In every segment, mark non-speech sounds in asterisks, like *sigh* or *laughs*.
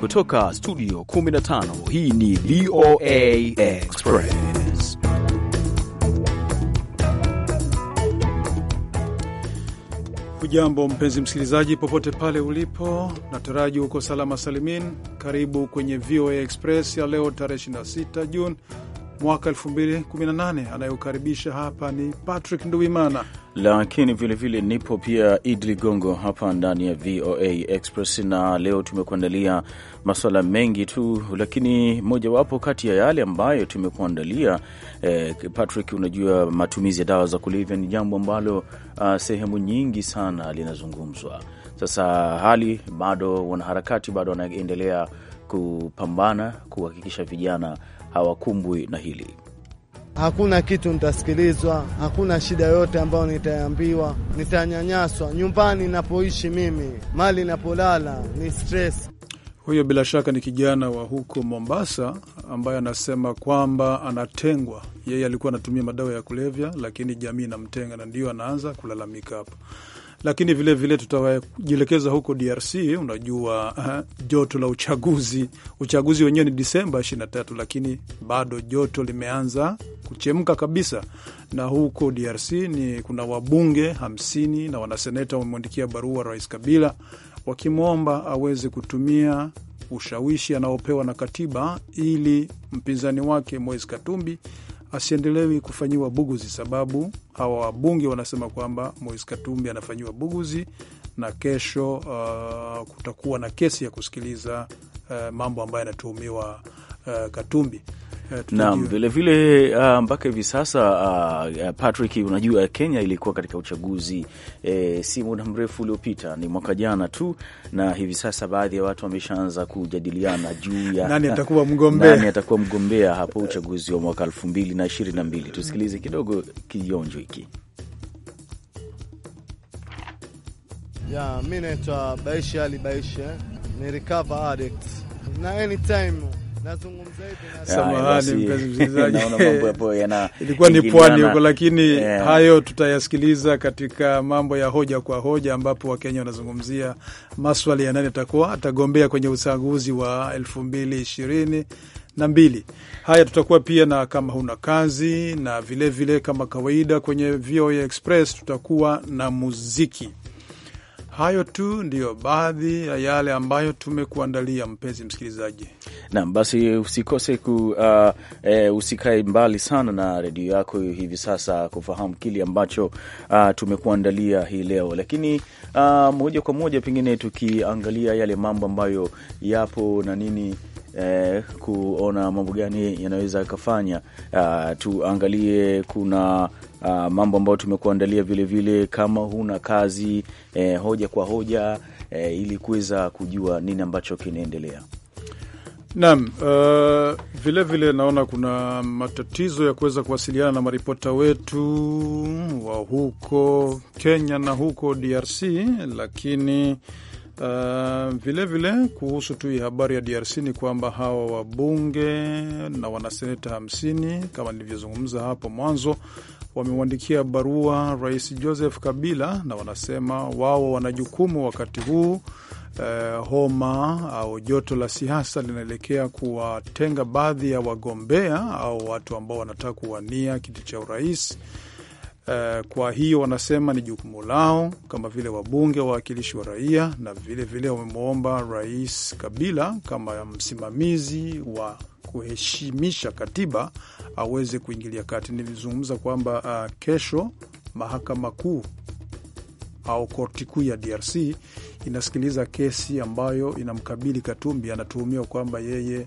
Kutoka studio 15 hii ni VOA Express. Hujambo mpenzi msikilizaji, popote pale ulipo, nataraji uko salama salimin. Karibu kwenye VOA Express ya leo tarehe 26 Juni mwaka 2018. Anayokaribisha hapa ni Patrick nduimana lakini vilevile vile nipo pia Idi Ligongo hapa ndani ya VOA Express, na leo tumekuandalia masuala mengi tu, lakini mojawapo kati ya yale ambayo tumekuandalia eh, Patrick, unajua matumizi ya dawa za kulevya ni jambo ambalo uh, sehemu nyingi sana linazungumzwa sasa. Hali bado wanaharakati bado wanaendelea kupambana kuhakikisha vijana hawakumbwi na hili hakuna kitu nitasikilizwa, hakuna shida yote ambayo nitaambiwa, nitanyanyaswa nyumbani napoishi mimi, mali napolala ni stress. Huyo bila shaka ni kijana wa huko Mombasa ambaye anasema kwamba anatengwa. Yeye alikuwa anatumia madawa ya kulevya, lakini jamii inamtenga na ndiyo anaanza kulalamika hapa lakini vilevile tutajielekeza huko DRC. Unajua uh, joto la uchaguzi, uchaguzi wenyewe ni Disemba 23, lakini bado joto limeanza kuchemka kabisa, na huko DRC ni kuna wabunge hamsini na wanaseneta wamemwandikia barua Rais Kabila wakimwomba aweze kutumia ushawishi anaopewa na katiba ili mpinzani wake Moise Katumbi asiendelewi kufanyiwa buguzi, sababu hawa wabunge wanasema kwamba Moise Katumbi anafanyiwa buguzi na kesho uh, kutakuwa na kesi ya kusikiliza uh, mambo ambayo yanatuhumiwa uh, Katumbi. Naam, vilevile uh, ah, mpaka hivi sasa uh, Patrick, unajua Kenya ilikuwa katika uchaguzi eh, si muda mrefu uliopita, ni mwaka jana tu, na hivi sasa baadhi ya watu wameshaanza kujadiliana juu ya nani atakuwa mgombea, *laughs* nani atakuwa mgombea hapo uchaguzi wa mwaka elfu mbili na ishirini na mbili. Tusikilize kidogo kionjo hiki. Mi naitwa Baisha Ali Baisha, ni recover addict na anytime Samahani mpenzi msikilizaji, *laughs* *laughs* ilikuwa ni pwani huko, lakini yeah, hayo tutayasikiliza katika mambo ya hoja kwa hoja, ambapo Wakenya wanazungumzia maswali ya nani atakuwa atagombea kwenye uchaguzi wa elfu mbili ishirini na mbili. Haya, tutakuwa pia na kama huna kazi, na vilevile vile kama kawaida kwenye VOA Express tutakuwa na muziki. Hayo tu ndiyo baadhi ya yale ambayo tumekuandalia mpenzi msikilizaji. Naam, basi usikose ku, uh, e, usikae mbali sana na redio yako hivi sasa kufahamu kile ambacho uh, tumekuandalia hii leo. Lakini uh, moja kwa moja pengine tukiangalia yale mambo ambayo yapo na nini Eh, kuona mambo gani yanaweza yakafanya. Uh, tuangalie kuna uh, mambo ambayo tumekuandalia vilevile, kama huna kazi eh, hoja kwa hoja eh, ili kuweza kujua nini ambacho kinaendelea. Naam, uh, eh, vilevile naona kuna matatizo ya kuweza kuwasiliana na maripota wetu wa huko Kenya na huko DRC, lakini uh, eh, vilevile kuhusu tu hii habari ya DRC ni kwamba hawa wabunge na wanaseneta hamsini kama nilivyozungumza hapo mwanzo wamemwandikia barua Rais Joseph Kabila na wanasema wao wana jukumu wakati huu eh, homa au joto la siasa linaelekea kuwatenga baadhi ya wagombea au watu ambao wanataka kuwania kiti cha urais. Eh, kwa hiyo wanasema ni jukumu lao kama vile wabunge, wawakilishi wa raia, na vilevile wamemwomba Rais Kabila kama msimamizi wa kuheshimisha katiba aweze kuingilia kati. Nilizungumza kwamba uh, kesho mahakama kuu au korti kuu ya DRC inasikiliza kesi ambayo inamkabili Katumbi. Anatuhumiwa kwamba yeye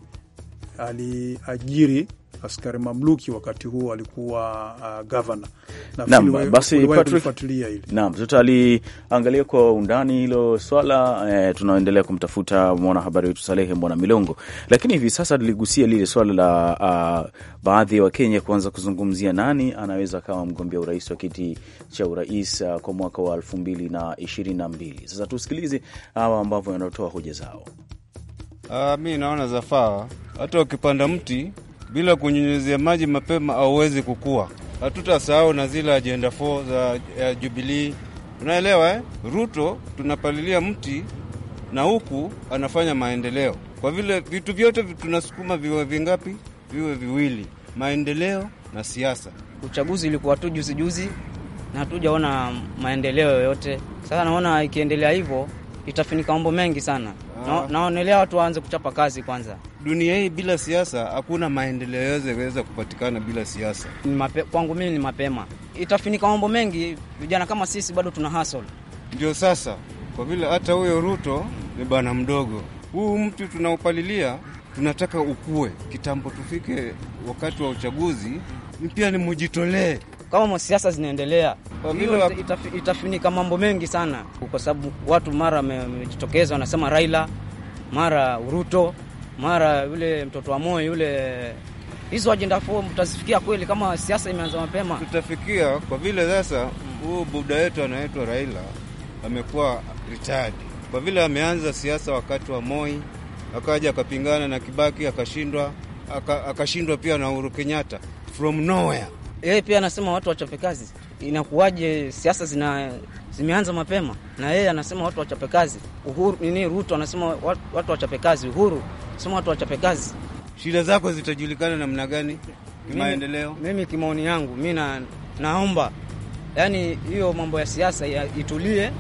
aliajiri askari mamluki wakati huo alikuwa uh, gavana. Naam, tutaliangalia kwa undani hilo swala eh, tunaendelea kumtafuta mwanahabari wetu Salehe Mbwana Milongo, lakini hivi sasa tuligusia lile swala la uh, baadhi ya Wakenya kuanza kuzungumzia nani anaweza akawa mgombea urais wa kiti cha urais uh, kwa mwaka wa elfu mbili na ishirini na mbili. Sasa tusikilize hawa ambavyo wanatoa hoja zao. Uh, mi naona zafaa hata ukipanda mti bila kunyunyizia maji mapema hauwezi kukua. Hatutasahau na zile ajenda 4 za ya Jubilii, unaelewa eh? Ruto tunapalilia mti na huku anafanya maendeleo, kwa vile vitu vyote tunasukuma viwe vingapi? Viwe viwili, maendeleo na siasa. Uchaguzi ulikuwa tu juzi juzi na hatujaona maendeleo yoyote. Sasa naona ikiendelea hivyo itafinika mambo mengi sana. Ah. Naonelea watu waanze kuchapa kazi kwanza. Dunia hii bila siasa hakuna maendeleo yaweza kupatikana bila siasa. Kwangu mimi ni mapema, itafinika mambo mengi. Vijana kama sisi bado tuna hustle. Ndio sasa, kwa vile hata huyo Ruto ni bwana mdogo, huu mtu tunaopalilia tunataka ukue kitambo, tufike wakati wa uchaguzi pia ni mujitolee kama siasa zinaendelea hiyo itaf, itafinika mambo mengi sana, kwa sababu watu mara wamejitokeza wanasema Raila, mara Ruto mara yule mtoto wa Moi yule. Hizo ajenda fomu tutazifikia kweli kama siasa imeanza mapema? Tutafikia kwa vile sasa huu buda yetu anaitwa Raila amekuwa retired. kwa vile ameanza siasa wakati wa Moi, akaja akapingana na Kibaki akashindwa, akashindwa pia na Uhuru Kenyatta from nowhere. Yeye pia anasema watu wachape kazi. Inakuwaje siasa zina zimeanza mapema? Na yeye anasema watu wachape kazi. Uhuru nini, Ruto anasema watu, watu wachape kazi. Uhuru sema watu wachape kazi. Shida zako zitajulikana namna gani kimaendeleo? Mimi, mimi kimaoni yangu mi naomba yani hiyo mambo ya siasa itulie.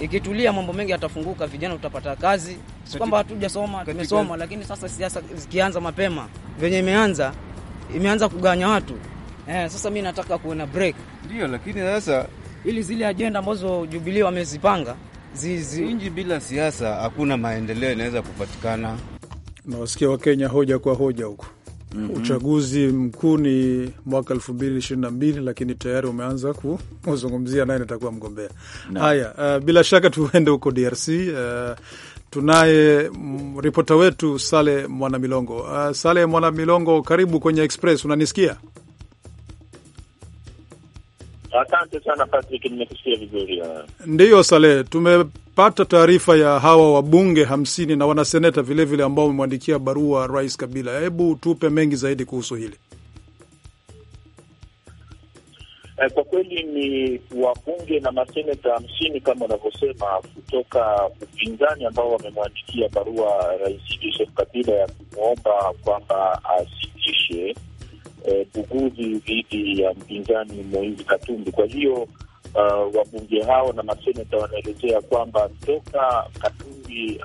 Ikitulia mambo mengi yatafunguka, vijana utapata kazi. Si kwamba hatujasoma, tumesoma, lakini sasa siasa zikianza mapema venye imeanza imeanza kuganya watu eh. Sasa mi nataka kuona break, ndio lakini sasa ili zile ajenda ambazo Jubilee wamezipanga zizi. Nchi bila siasa hakuna maendeleo inaweza kupatikana nawasikia Wakenya hoja kwa hoja huko Mm -hmm. Uchaguzi mkuu ni mwaka elfu mbili ishirini na mbili lakini tayari umeanza kuzungumzia naye nitakuwa mgombea no. Haya, uh, bila shaka tuende huko DRC. Uh, eh, tunaye mm, ripota wetu Sale Mwanamilongo. Uh, Sale Mwanamilongo, karibu kwenye Express, unanisikia? Asante sana Patrick, nimekusikia vizuri. Eh. Ndiyo Saleh, tumepata taarifa ya hawa wabunge hamsini na wanaseneta vilevile ambao wamemwandikia barua Rais Kabila. Hebu tupe mengi zaidi kuhusu hili. Eh, kwa kweli ni wabunge na maseneta hamsini kama unavyosema, kutoka upinzani ambao wamemwandikia barua Rais Joseph Kabila ya kumwomba kwamba asitishe buguzi eh, dhidi ya mpinzani Moizi Katumbi. Kwa hiyo uh, wabunge hao na maseneta wanaelezea kwamba toka Katumbi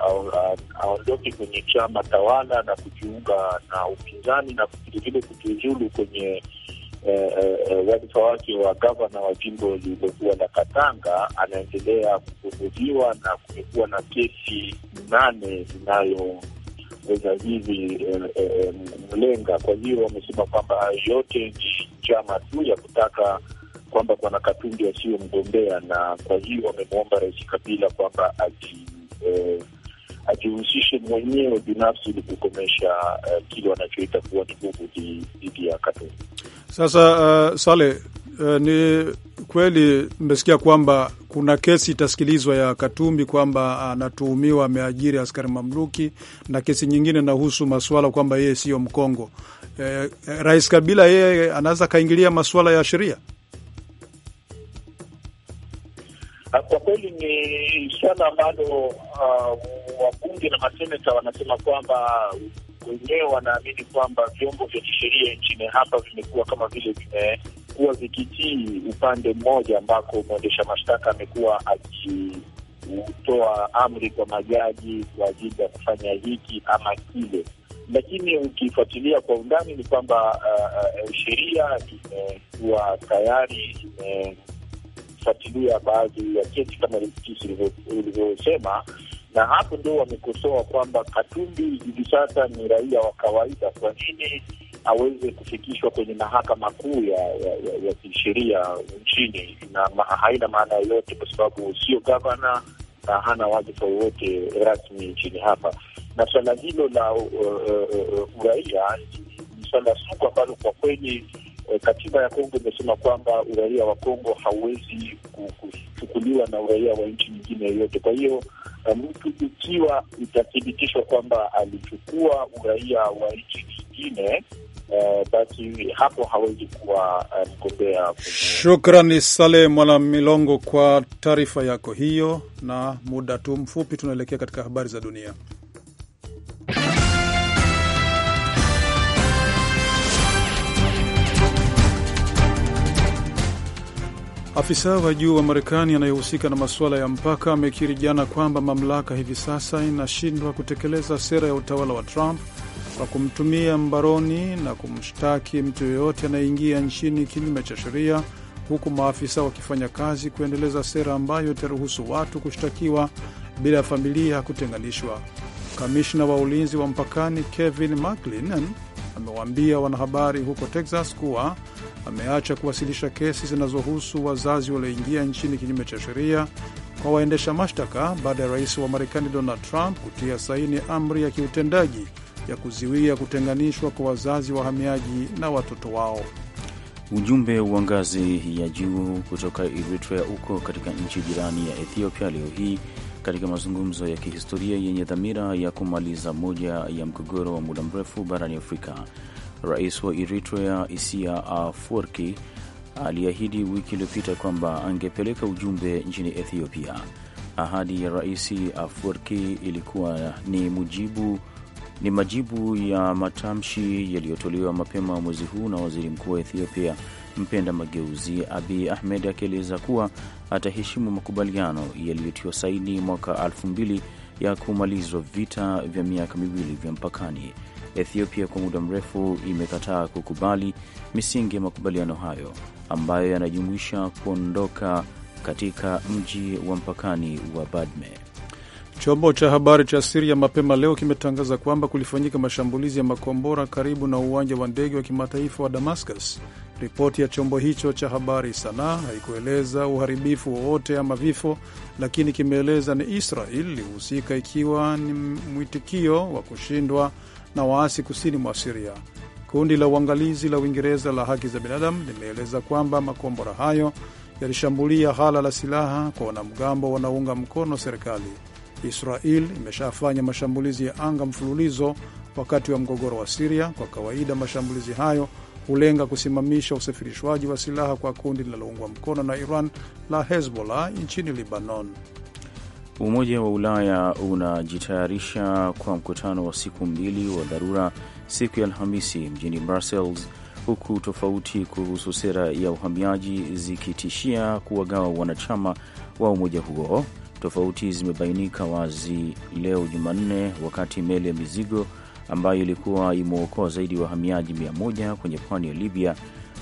aondoke kwenye chama tawala na kujiunga na upinzani na vilevile kujiuzulu kwenye eh, eh, wadhifa wake wa gavana wa jimbo lililokuwa la Katanga, anaendelea kufunguliwa na kumekuwa na kesi nane zinayo za hivi eh, eh, mlenga e, e, kwa hiyo wamesema kwamba yote ni chama tu ya kutaka kwamba Bwana Katumbi asiyo mgombea, na kwa hiyo wamemwomba Rais Kabila kwamba aji e, eh, ajihusishe mwenyewe binafsi ili kukomesha uh, kile wanachoita kuwa ni nguvu dhidi ya Katumbi. Sasa uh, Sale Eh, ni kweli mmesikia kwamba kuna kesi itasikilizwa ya Katumbi kwamba anatuhumiwa ameajiri askari mamluki na kesi nyingine inahusu masuala kwamba yeye siyo Mkongo. Eh, eh, Rais Kabila yeye anaweza akaingilia masuala ya sheria. Ah, kwa kweli ni swala ambalo uh, wabunge na maseneta wanasema kwamba wenyewe wanaamini kwamba vyombo vya kisheria nchini hapa vimekuwa kama vile vime zimekuwa zikitii upande mmoja, ambako mwendesha mashtaka amekuwa akitoa amri kwa majaji kwa ajili ya kufanya hiki ama kile, lakini ukifuatilia kwa undani ni kwamba uh, uh sheria imekuwa tayari imefuatilia baadhi ya kesi kama jinsi ulivyosema na hapo ndo wamekosoa kwamba Katumbi hivi sasa ni raia wa kawaida. Kwa nini aweze kufikishwa kwenye mahakama kuu ya ya kisheria nchini, na ma, haina maana yoyote kwa sababu sio gavana na hana wadhifa wowote rasmi nchini hapa, na swala hilo la uh, uh, uraia ni swala sugu ambalo kwa kweli eh, katiba ya Kongo imesema kwamba uraia wa Kongo hauwezi kuchukuliwa na uraia wa nchi nyingine yoyote. Kwa hiyo eh, mtu ikiwa itathibitishwa kwamba alichukua uraia wa nchi nyingine Eh, basi hapo hawezi kuwa eh, mgombea. shukrani Sale Mwana Milongo kwa taarifa yako hiyo, na muda tu mfupi tunaelekea katika habari za dunia. Afisa wa juu wa Marekani anayehusika na masuala ya mpaka amekiri jana kwamba mamlaka hivi sasa inashindwa kutekeleza sera ya utawala wa Trump kwa kumtumia mbaroni na kumshtaki mtu yoyote anayeingia nchini kinyume cha sheria, huku maafisa wakifanya kazi kuendeleza sera ambayo itaruhusu watu kushtakiwa bila ya familia kutenganishwa. Kamishna wa ulinzi wa mpakani Kevin McClinan amewaambia wanahabari huko Texas kuwa ameacha kuwasilisha kesi zinazohusu wazazi walioingia nchini kinyume cha sheria kwa waendesha mashtaka baada ya rais wa Marekani Donald Trump kutia saini amri ya kiutendaji ya kuzuia kutenganishwa kwa wazazi wahamiaji na watoto wao. Ujumbe wa ngazi ya juu kutoka Eritrea uko katika nchi jirani ya Ethiopia leo hii katika mazungumzo ya kihistoria yenye dhamira ya kumaliza moja ya mgogoro wa muda mrefu barani Afrika. Rais wa Eritrea Isia Afwerki aliahidi wiki iliyopita kwamba angepeleka ujumbe nchini Ethiopia. Ahadi ya Rais Afwerki ilikuwa ni mujibu ni majibu ya matamshi yaliyotolewa mapema mwezi huu na waziri mkuu wa Ethiopia mpenda mageuzi Abiy Ahmed akieleza kuwa ataheshimu makubaliano yaliyotiwa saini mwaka elfu mbili ya kumalizwa vita vya miaka miwili vya mpakani. Ethiopia kwa muda mrefu imekataa kukubali misingi ya makubaliano hayo ambayo yanajumuisha kuondoka katika mji wa mpakani wa Badme. Chombo cha habari cha Siria mapema leo kimetangaza kwamba kulifanyika mashambulizi ya makombora karibu na uwanja wa ndege wa kimataifa wa Damascus. Ripoti ya chombo hicho cha habari Sanaa haikueleza uharibifu wowote ama vifo, lakini kimeeleza ni Israel ilihusika, ikiwa ni mwitikio wa kushindwa na waasi kusini mwa Siria. Kundi la uangalizi la Uingereza la haki za binadamu limeeleza kwamba makombora hayo yalishambulia hala la silaha kwa wanamgambo wanaounga mkono serikali. Israel imeshafanya mashambulizi ya anga mfululizo wakati wa mgogoro wa Siria. Kwa kawaida, mashambulizi hayo hulenga kusimamisha usafirishwaji wa silaha kwa kundi linaloungwa mkono na Iran la Hezbollah nchini libanon Umoja wa Ulaya unajitayarisha kwa mkutano wa siku mbili wa dharura siku ya Alhamisi mjini Brussels, huku tofauti kuhusu sera ya uhamiaji zikitishia kuwagawa wanachama wa umoja huo. Tofauti zimebainika wazi leo Jumanne, wakati meli ya mizigo ambayo ilikuwa imeokoa zaidi ya wahamiaji mia moja kwenye pwani ya Libya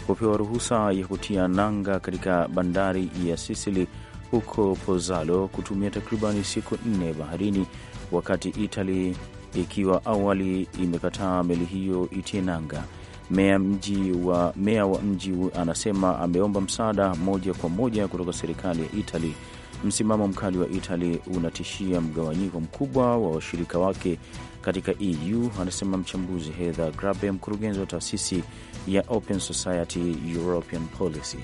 kupewa ruhusa ya kutia nanga katika bandari ya Sisili huko Pozzallo kutumia takribani siku nne baharini, wakati Itali ikiwa awali imekataa meli hiyo itie nanga. Meya mji wa, meya wa mji anasema ameomba msaada moja kwa moja kutoka serikali ya Itali. Msimamo mkali wa Itali unatishia mgawanyiko mkubwa wa washirika wake katika EU, anasema mchambuzi Heather Grabe, mkurugenzi wa taasisi ya Open Society European Policy.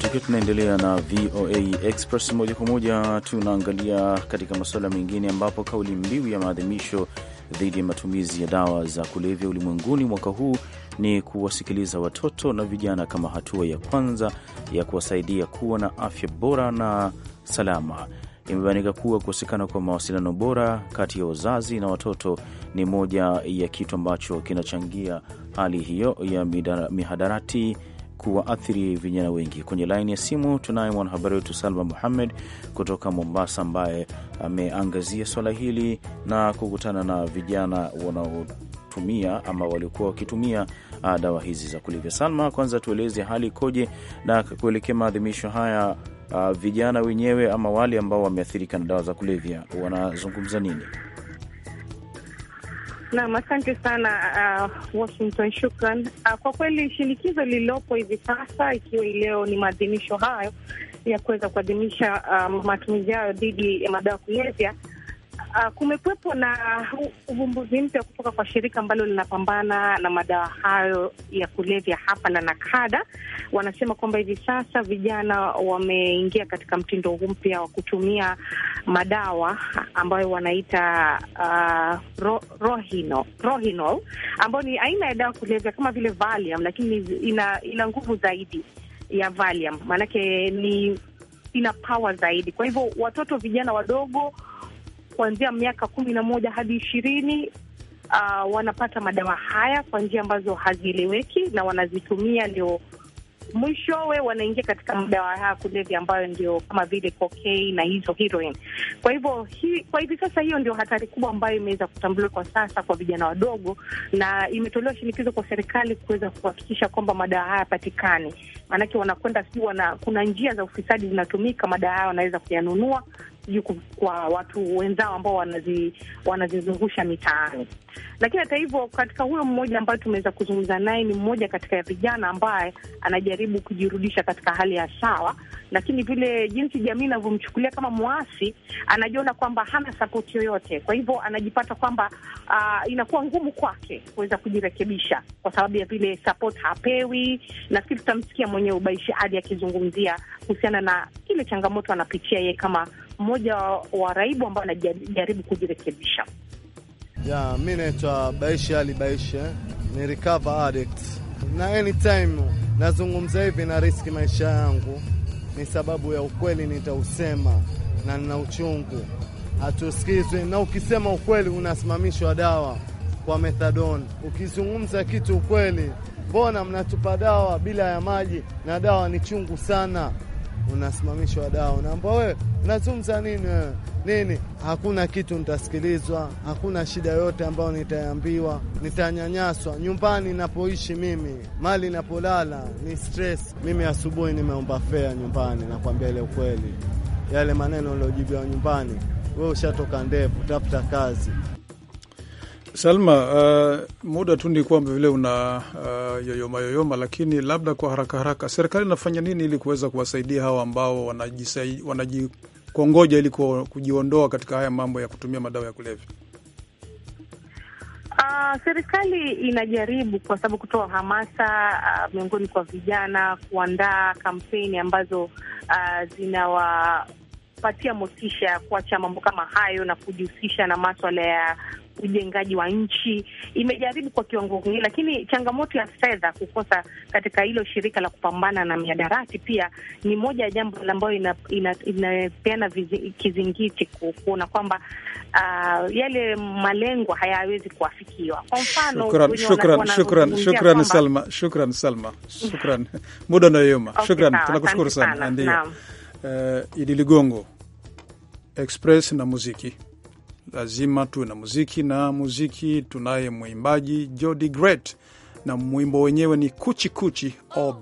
tukiwa tunaendelea na VOA Express moja kwa moja, tunaangalia katika masuala mengine, ambapo kauli mbiu ya maadhimisho dhidi ya matumizi ya dawa za kulevya ulimwenguni mwaka huu ni kuwasikiliza watoto na vijana kama hatua ya kwanza ya kuwasaidia kuwa na afya bora na salama. Imebainika kuwa kukosekana kwa mawasiliano bora kati ya wazazi na watoto ni moja ya kitu ambacho kinachangia hali hiyo ya mihadarati kuwaathiri vijana wengi. Kwenye laini ya simu tunaye mwanahabari wetu Salma Muhammed kutoka Mombasa, ambaye ameangazia swala hili na kukutana na vijana wanaotumia ama waliokuwa wakitumia ah, dawa hizi za kulevya. Salma, kwanza tueleze hali ikoje, na kuelekea maadhimisho haya ah, vijana wenyewe ama wale ambao wameathirika na dawa za kulevya wanazungumza nini? Naam, asante sana uh, Washington, shukran. Uh, kwa kweli shinikizo lililopo hivi sasa, ikiwa leo ni maadhimisho hayo ya kuweza kuadhimisha um, matumizi hayo dhidi ya madawa kulevya Uh, ah, kumekwepo na uvumbuzi mpya kutoka kwa shirika ambalo linapambana na madawa hayo ya kulevya hapa na Nakada. Wanasema kwamba hivi sasa vijana wameingia katika mtindo huu mpya wa kutumia madawa ambayo wanaita uh, ro, rohino, ambayo ni aina ya dawa kulevya kama vile Valium, lakini ina ina nguvu zaidi ya Valium, maanake ni ina power zaidi. Kwa hivyo watoto vijana wadogo kuanzia miaka kumi na moja hadi ishirini uh, wanapata madawa haya kwa njia ambazo hazieleweki na wanazitumia ndio mwishowe wanaingia katika madawa haya kulevya ambayo ndio kama vile cocaine na hizo heroin. Kwa hivyo hi, kwa hivi sasa hiyo ndio hatari kubwa ambayo imeweza kutambuliwa kwa sasa kwa vijana wadogo, na imetolewa shinikizo kwa serikali kuweza kuhakikisha kwamba madawa haya yapatikane, maanake wanakwenda si wana, kuna njia za ufisadi zinatumika, madawa haya wanaweza kuyanunua yuko kwa watu wenzao ambao wanazi, wanazizungusha mitaani. Lakini hata hivyo, katika huyo mmoja ambaye tumeweza kuzungumza naye, ni mmoja katika ya vijana ambaye anajaribu kujirudisha katika hali ya sawa, lakini vile jinsi jamii inavyomchukulia kama mwasi, anajiona kwamba hana sapoti yoyote. Kwa hivyo anajipata kwamba uh, inakuwa ngumu kwake kuweza kujirekebisha kwa sababu ya vile sapoti hapewi. Nafikiri tutamsikia mwenyewe Ubaishi Ali akizungumzia kuhusiana na ile changamoto anapitia yeye kama mmoja wa raibu ambao anajaribu kujirekebisha. Yeah, mi naitwa Baishe Ali Baishe, ni recover addict, na anytime nazungumza hivi na riski maisha yangu ni sababu ya ukweli nitausema, na nina uchungu, hatusikizwi na ukisema ukweli unasimamishwa dawa kwa methadone. Ukizungumza kitu ukweli, mbona mnatupa dawa bila ya maji, na dawa ni chungu sana unasimamishwa dao. Naambia wewe unazungumza nini nini? Hakuna kitu nitasikilizwa, hakuna shida yote ambayo nitaambiwa. Nitanyanyaswa nyumbani napoishi mimi, mali napolala ni stress. Mimi asubuhi nimeomba fea nyumbani, nakwambia ile ukweli, yale maneno uliojibiwa nyumbani, we ushatoka ndevu, tafuta kazi. Salma, uh, muda tu ni kwamba vile una uh, yoyoma yoyoma, lakini labda kwa haraka haraka, serikali inafanya nini ili kuweza kuwasaidia hawa ambao wanajikongoja ili kujiondoa katika haya mambo ya kutumia madawa ya kulevya? Uh, serikali inajaribu kwa sababu kutoa hamasa uh, miongoni kwa vijana, kuandaa kampeni ambazo uh, zinawapatia motisha ya kuacha mambo kama hayo na kujihusisha na maswala ya ujengaji wa nchi, imejaribu kwa kiwango kingine, lakini changamoto ya fedha kukosa katika hilo shirika la kupambana na mihadarati pia ni moja ya jambo ambayo inapeana ina, ina kizingiti kuona kwamba uh, yale malengo hayawezi kuafikiwa. Kwa mfano, shukran Salma, shukran Salma, shukran muda unayoyoma. Shukran, tunakushukuru sana, ndio eh, Idi Ligongo Express na muziki lazima tuwe na muziki na muziki. Tunaye mwimbaji Jody Great na mwimbo wenyewe ni kuchi kuchi, oh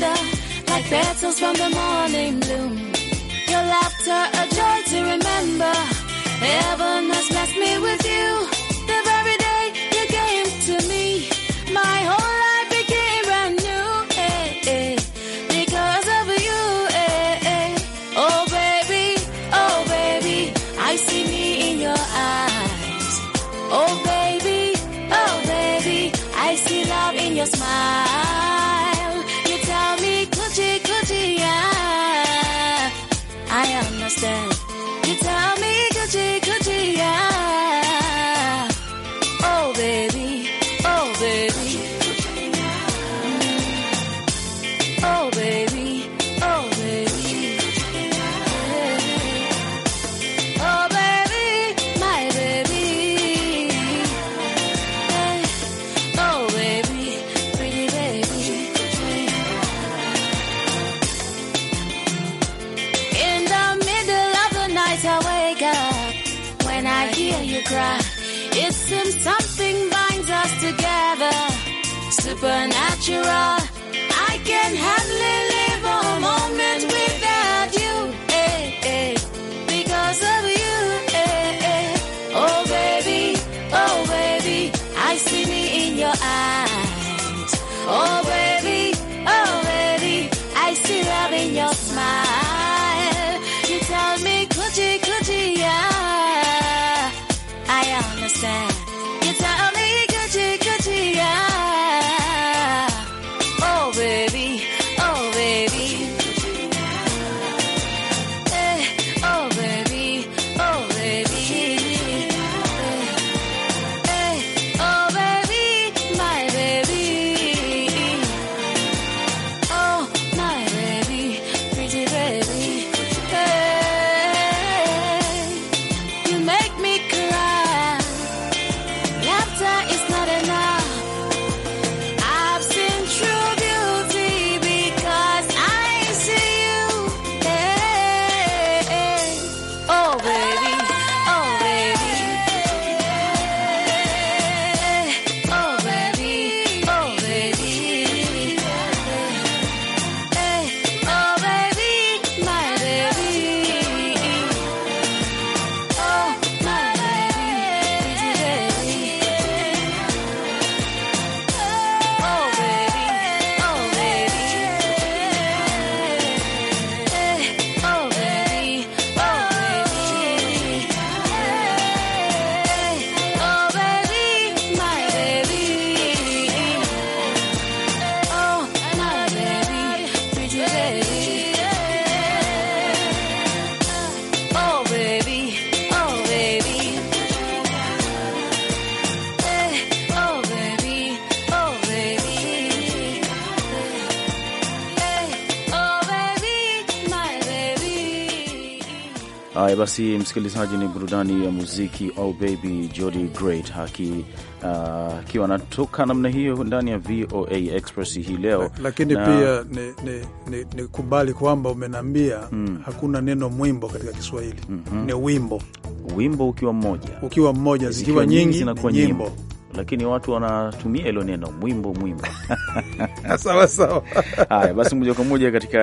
wonder, like petals from the morning bloom. Your laughter, a joy to remember. Heaven has blessed me with you. supernatural. I can have. Eh, basi msikilizaji, ni burudani ya muziki au oh baby Jody Great akiwa ah, uh, anatoka namna hiyo ndani ya VOA Express hii leo, lakini na... pia nikubali ni, ni, ni kwamba umenaambia mm. hakuna neno mwimbo katika Kiswahili mm -hmm. ni wimbo, wimbo ukiwa mmoja, ukiwa mmoja zikiwa nyingi zinakuwa nyimbo, nyimbo lakini watu wanatumia hilo neno mwimbo mwimbo. *laughs* sawa sawa. *laughs* Haya basi, moja kwa moja katika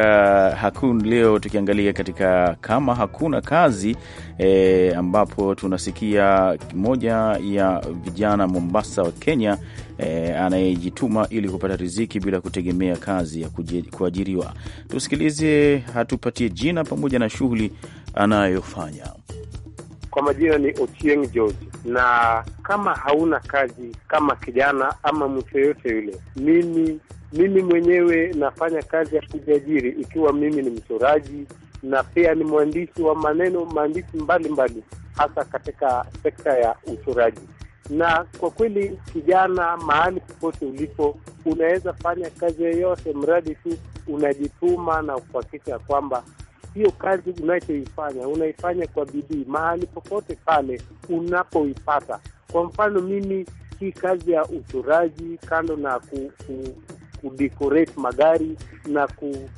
hakun leo, tukiangalia katika kama hakuna kazi e, ambapo tunasikia moja ya vijana Mombasa wa Kenya e, anayejituma ili kupata riziki bila kutegemea kazi ya kuajiriwa. Tusikilize, hatupatie jina pamoja na shughuli anayofanya. Kwa majina ni Otieng George na kama hauna kazi kama kijana ama mtu yoyote yule, mimi mimi mwenyewe nafanya kazi ya kujiajiri, ikiwa mimi ni mchoraji na pia ni mwandishi wa maneno, maandishi mbalimbali, hasa katika sekta ya uchoraji. Na kwa kweli, kijana, mahali popote ulipo, unaweza fanya kazi yoyote, mradi tu unajituma na kuhakikisha kwamba hiyo kazi unachoifanya unaifanya kwa bidii mahali popote pale unapoipata. Kwa mfano mimi, hii kazi ya uchoraji, kando na ku, ku, kudecorate magari na ku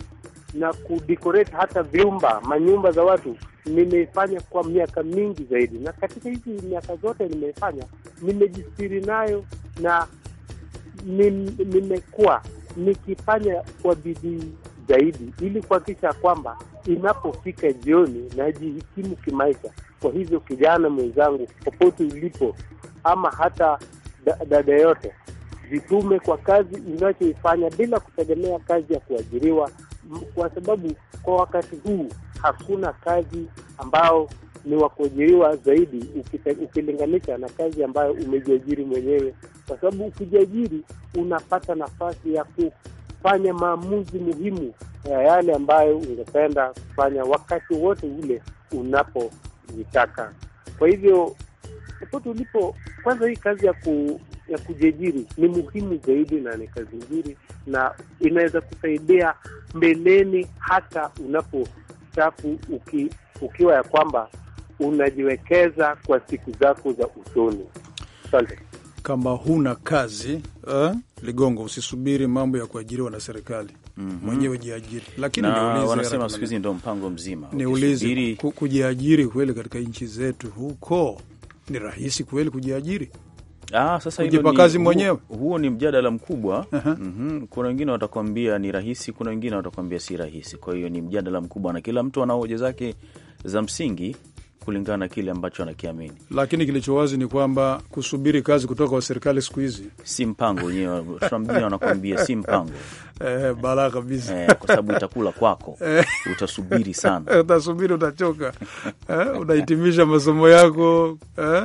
na kudecorate hata vyumba manyumba za watu nimeifanya kwa miaka mingi zaidi, na katika hizi miaka zote nimeifanya, nimejistiri nayo na nimekuwa nikifanya kwa bidii zaidi, ili kuhakikisha kwamba inapofika jioni najihikimu kimaisha. Kwa hivyo, kijana mwenzangu, popote ulipo, ama hata dada yote, jitume kwa kazi inachoifanya bila kutegemea kazi ya kuajiriwa, kwa sababu kwa wakati huu hakuna kazi ambao ni wa kuajiriwa zaidi ukilinganisha na kazi ambayo umejiajiri mwenyewe, kwa sababu ukijiajiri unapata nafasi ya ku kufanya maamuzi muhimu ya yale ambayo ungependa kufanya wakati wote ule unapojitaka. Kwa hivyo popote ulipo, kwanza hii kazi ya ku ya kujiajiri ni muhimu zaidi na ni kazi nzuri na inaweza kusaidia mbeleni, hata unapotafu uki, ukiwa ya kwamba unajiwekeza kwa siku zako za usoni. Asante. Kama huna kazi eh? Ligongo, usisubiri mambo ya kuajiriwa na serikali mm -hmm. Mwenyewe jiajiri, lakini wanasema siku hizi ndo mpango mzima. Niulize, kujiajiri kweli katika nchi zetu huko ni rahisi kweli kujiajiri? Ah, sasa kujipa kazi mwenyewe, huo ni mjadala mkubwa uh -huh. mm -hmm. Kuna wengine watakwambia ni rahisi, kuna wengine watakwambia si rahisi. Kwa hiyo ni mjadala mkubwa, na kila mtu ana hoja zake za msingi kulingana na kile ambacho anakiamini, lakini kilicho wazi ni kwamba kusubiri kazi kutoka kwa serikali siku hizi si mpango wenyewe. Trump anakuambia si mpango *laughs* eh, balaa kabisa eh, kwa sababu itakula kwako *laughs* eh. utasubiri sana, *laughs* utasubiri utachoka, eh, unahitimisha masomo yako eh?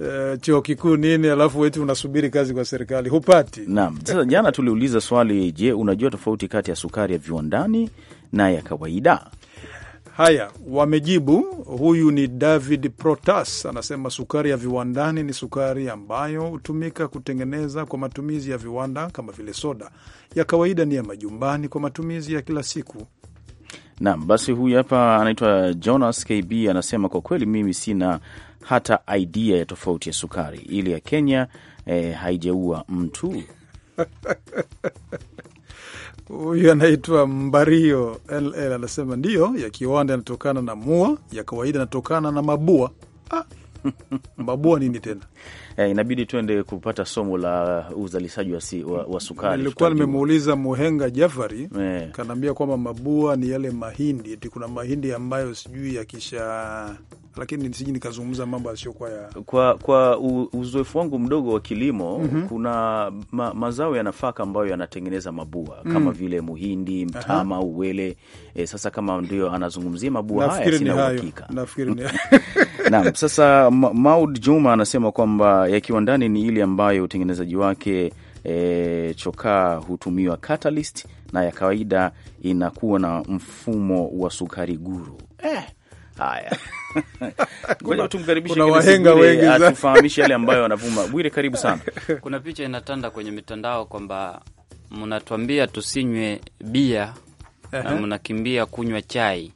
Uh, chuo kikuu nini, alafu weti unasubiri kazi kwa serikali hupati. Naam, sasa jana tuliuliza swali, je, unajua tofauti kati ya sukari ya viwandani na ya kawaida? Haya wamejibu. Huyu ni David Protas anasema sukari ya viwandani ni sukari ambayo hutumika kutengeneza kwa matumizi ya viwanda kama vile soda. Ya kawaida ni ya majumbani kwa matumizi ya kila siku. Naam, basi huyu hapa anaitwa Jonas KB anasema kwa kweli mimi sina hata idea ya tofauti ya sukari ile ya Kenya. Eh, haijaua mtu *laughs* Huyu anaitwa Mbario LL anasema ndiyo, ya kiwanda yanatokana na mua, ya kawaida yanatokana na mabua. Ah, *laughs* mabua nini tena? eh, inabidi tuende kupata somo la uzalishaji wa, si, wa, wa sukari. Nilikuwa nimemuuliza Muhenga Jafari eh, kanaambia kwamba mabua ni yale mahindi, eti kuna mahindi ambayo sijui yakisha lakini siji nikazungumza mambo yasiyokuwa ya kwa kwa uzoefu wangu mdogo wa kilimo mm -hmm. Kuna ma, mazao ya nafaka ambayo yanatengeneza mabua mm -hmm. kama vile muhindi, mtama, uwele e, sasa kama ndio anazungumzia mabua haya sina uhakika *laughs* naam. Sasa Maud Juma anasema kwamba ya kiwandani ni ile ambayo utengenezaji wake e, chokaa hutumiwa catalyst na ya kawaida inakuwa na mfumo wa sukari guru eh. Haya, *laughs* wahenga wengi atufahamishe yale ambayo wanavuma. Bwire, karibu sana. *laughs* Kuna picha inatanda kwenye mitandao kwamba mnatuambia tusinywe bia uh -huh. na mnakimbia kunywa chai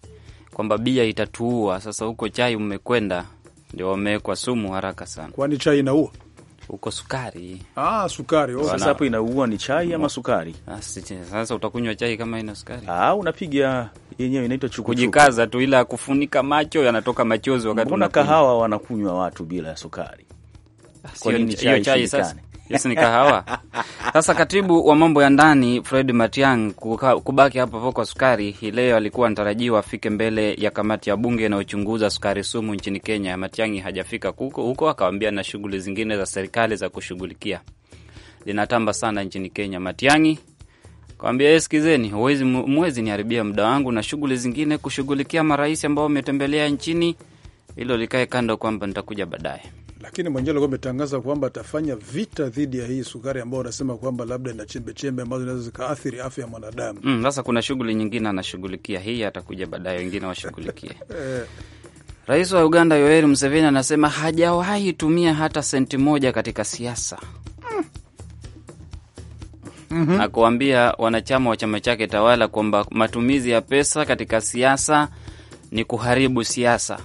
kwamba bia itatuua. Sasa huko chai mmekwenda ndio wamewekwa sumu haraka sana. Kwani chai inaua huko? Sukari. Ah, sukari. Oh, sasa hapo inaua ni chai ama sukari? Ah, sasa utakunywa chai kama ina sukari? Ah, unapiga yenyewe inaitwa chukuchuku. Kujikaza tu, ila kufunika macho, yanatoka machozi wakati Kahawa wanakunywa watu bila sukari, ah, chai, chai sasa Yes, ni kahawa. Sasa katibu wa mambo ya ndani Fred Matiang kubaki hapo hapo kwa sukari hii leo, alikuwa anatarajiwa afike mbele ya kamati ya bunge inayochunguza sukari sumu nchini Kenya. Matiangi hajafika huko huko, akawambia na shughuli zingine za serikali za kushughulikia linatamba sana nchini Kenya. Matiangi kawambia eskizeni, eh, huwezi mwezi niharibia muda wangu na shughuli zingine kushughulikia marais ambao wametembelea nchini, hilo likae kando, kwamba nitakuja baadaye lakini alikuwa ametangaza kwamba atafanya vita dhidi ya hii sukari ambao wanasema kwamba labda ina chembechembe ambazo zinaweza zikaathiri afya ya mwanadamu. Mm, sasa mm, kuna shughuli nyingine anashughulikia, hii atakuja baadaye, wengine washughulikie *laughs* Rais wa Uganda Yoweri Museveni anasema hajawahi tumia hata senti moja katika siasa mm -hmm. na wanachama wa chama chake tawala kwamba matumizi ya pesa katika siasa ni kuharibu siasa.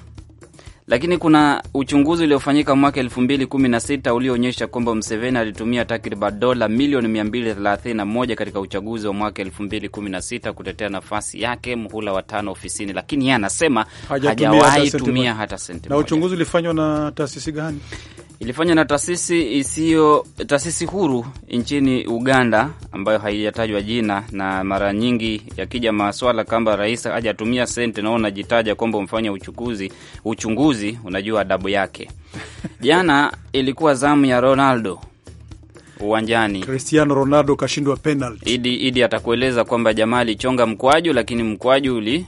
Lakini kuna uchunguzi uliofanyika mwaka elfu mbili kumi na sita ulioonyesha kwamba Mseveni alitumia takriban dola milioni mia mbili thelathini na moja katika uchaguzi wa mwaka elfu mbili kumi na sita kutetea nafasi yake mhula wa tano ofisini, lakini yeye anasema hajawahi tumia hata senti. Na uchunguzi ulifanywa na taasisi gani? ilifanywa na taasisi isiyo taasisi huru nchini Uganda ambayo haijatajwa jina, na mara nyingi yakija maswala kwamba rais hajatumia sente nao unajitaja kwamba umefanya uchukuzi uchunguzi, unajua adabu yake. *laughs* Jana ilikuwa zamu ya Ronaldo uwanjani, Cristiano Ronaldo kashindwa penalty. Idi, Idi atakueleza kwamba jamaa alichonga mkwaju, lakini mkwaju uli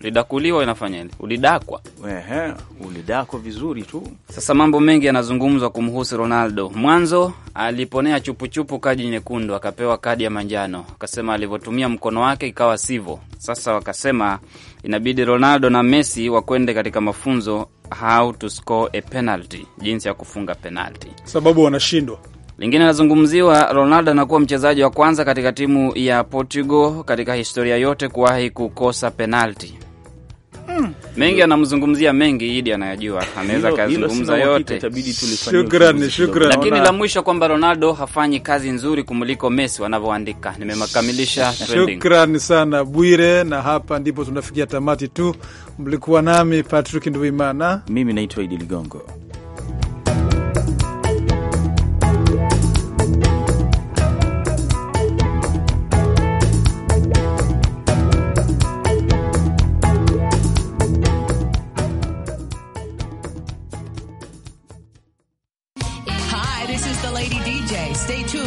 Ulidakuliwa inafanya nini? Ulidakwa? Ehe, ulidakwa vizuri tu. Sasa mambo mengi yanazungumzwa kumhusu Ronaldo. Mwanzo aliponea chupuchupu kadi nyekundu, akapewa kadi ya manjano, akasema alivyotumia mkono wake ikawa sivyo. Sasa wakasema inabidi Ronaldo na Messi wakwende katika mafunzo how to score a penalty, jinsi ya kufunga penalty, sababu wanashindwa lingine anazungumziwa Ronaldo anakuwa mchezaji wa kwanza katika timu ya Portugal katika historia yote kuwahi kukosa penalti. Mm. Mengi anamzungumzia mengi, Idi anayajua, anaweza kayazungumza yote. Shukrani, shukrani. Lakini la mwisho kwamba Ronaldo hafanyi kazi nzuri kumuliko Messi wanavyoandika. Nimemakamilisha Shukrani sana Bwire, na hapa ndipo tunafikia tamati tu. Mlikuwa nami Patrick Nduimana, mimi naitwa Idi Ligongo.